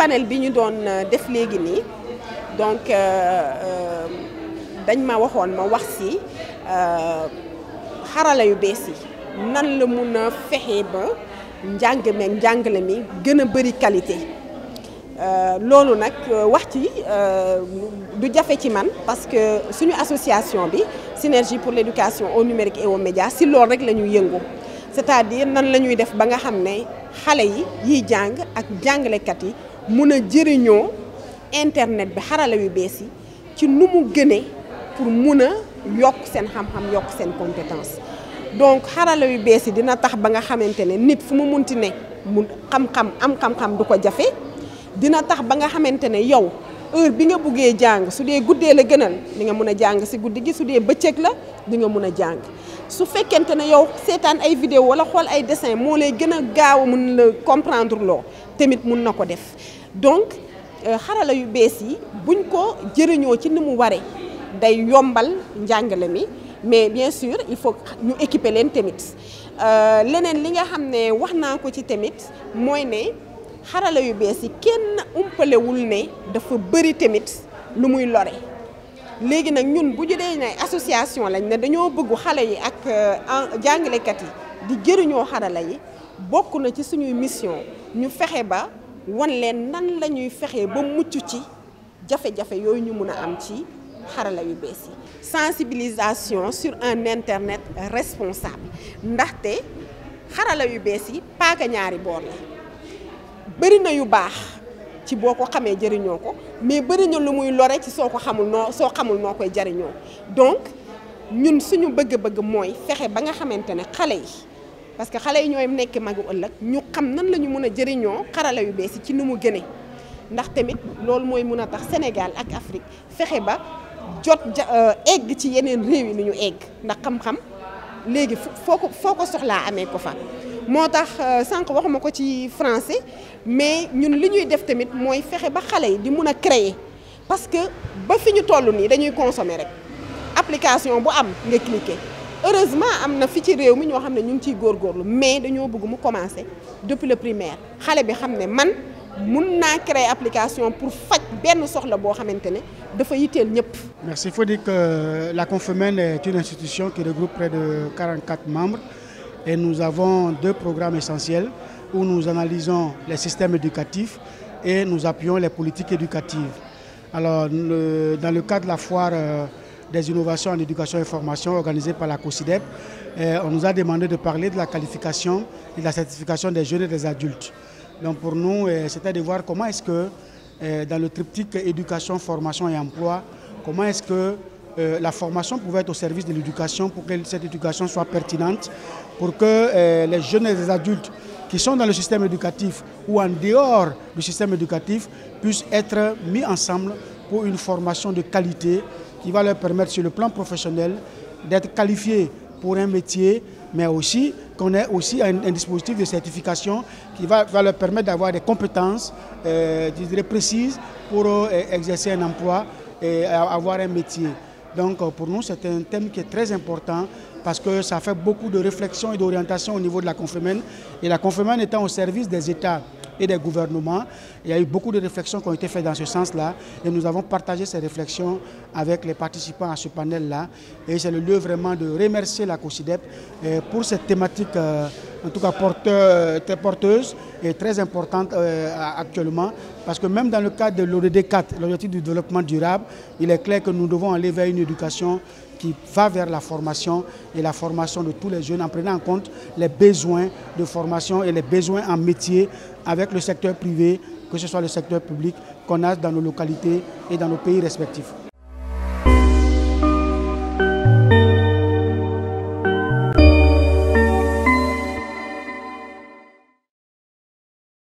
panel bi ñu doon euh, def légui ni donc euh, euh, dañ ma waxoon ma wax ci xarala yu bees yi nan la mëna a fexe ba njàng meeg mi gëna bëri qualité lolu nak wax ci du jafé ci man parce que suñu association bi synergie pour l'éducation au numérique et aux médias si lool rek lañu yëngu c'est-à-dire nan lañuy def ba nga xamné xalé yi yi jàng ak kat yi mun a jëriñoo internet bi xarala yu bees yi ci nu mu gënee pour mun a yokk seen xam-xam yokk seen compétence donc xarala yu bees yi dina tax ba nga xamante ne nit fu mu munti ne mu xam-xam am xam-xam du ko jafe dina tax ba nga xamante ne yow heure bi nga buggee jàng su dee guddee la gënal di nga mun a jàng si guddi gi su dee bëccëg la di nga mun a jàng su fekkente ne yow seetaan ay vidéo wala xool ay dessin moo lay gën a gaaw a mun la comprendre loo tamit mun na ko def donc euh, xarala yu bees yi buñ ko jëriñoo ci ni mu waree day yombal njàngale mi mais bien sûr il faut ñu équiper leen tamit euh, leneen li nga xam ne wax naa ko ci tamit mooy ne. xarala yu bees yi kenn umpalewul ne dafa bëri tamit lu muy lore léegi nag ñun bu ñu dee ne association lañ ne dañoo bëggu xale yi ak euh, jàngalekat yi di jëriñoo xarala yi bokk na ci suñuy mission ñu fexe ba wan leen nan la ñuy fexe ba mucc ci jafe-jafe yooyu ñu mun a am ci xarala yu bees yi sensibilisation sur un internet responsable ndaxte xarala yu bees yi paaka ñaari boor la bëri na yu baax ci boo ko xamee jariñoo ko mais bëri na lu muy lore ci soo ko xamul noo soo xamul noo koy jariñoo donc ñun suñu bëgg-bëgg mooy fexe ba nga xamante ne xale yi parce que xale yi ñooy nekk magu ëllëg ñu xam nan la ñu mën a jëriñoo xarala yu bees yi ci nu mu gëne ndax tamit loolu mooy mun a tax Sénégal ak Afrique fexe ba jot ja euh, egg ci yeneen réew yi nu ñu egg ndax xam-xam léegi foo ko foo ko soxlaa amee ko fa motax sank euh, sànq waxuma ci français mais ñun li ñuy def tamit moy fexé ba xalé di mëna a créer parce que ba fiñu tollu ni dañuy consommer rek application bu am nga cliquer heureusement amna fi ci réew mi ñoo xamné ne ñu ngi ciy mais dañoo bëgg mu commencer depuis le primaire xalé bi xamné man mëna créer application pour fajj ben soxla bo xamantene dafa yitel ñëpp. merci il faut dire que euh, la Confemel est une institution qui regroupe près de 44 membres et nous avons deux programmes essentiels où nous analysons les systèmes éducatifs et nous appuyons les politiques éducatives. Alors, dans le cadre de la foire euh, des innovations en éducation et formation organisée par la COSIDEP, euh, on nous a demandé de parler de la qualification et de la certification des jeunes et des adultes. Donc pour nous, euh, c'était de voir comment est-ce que, dans le triptyque éducation, formation et emploi, comment est-ce que euh, la formation pouvait être au service de l'éducation pour que cette éducation soit pertinente, pour que euh, les jeunes et les adultes qui sont dans le système éducatif ou en dehors du système éducatif puissent être mis ensemble pour une formation de qualité qui va leur permettre sur le plan professionnel d'être qualifiés pour un métier, mais aussi qu'on ait aussi un, dispositif de certification qui va, leur permettre d'avoir des compétences euh, précises pour exercer un emploi et avoir un métier. Donc euh, pour nous, c'est un thème qui est très important parce que ça fait beaucoup de réflexions et d'orientations au niveau de la Conférence Et la Conférence étant au service des États et des gouvernements, il y a eu beaucoup de réflexions qui ont été faites dans ce sens-là. Et nous avons partagé ces réflexions avec les participants à ce panel-là. Et c'est le lieu vraiment de remercier la COSIDEP euh, pour cette thématique. Euh, en tout cas porteur, très porteuse et très importante euh, actuellement. Parce que même dans le cadre de l'ODD 4, l'objectif du développement durable, il est clair que nous devons aller vers une éducation qui va vers la formation et la formation de tous les jeunes en prenant en compte les besoins de formation et les besoins en métier avec le secteur privé, que ce soit le secteur public qu'on a dans nos localités et dans nos pays respectifs.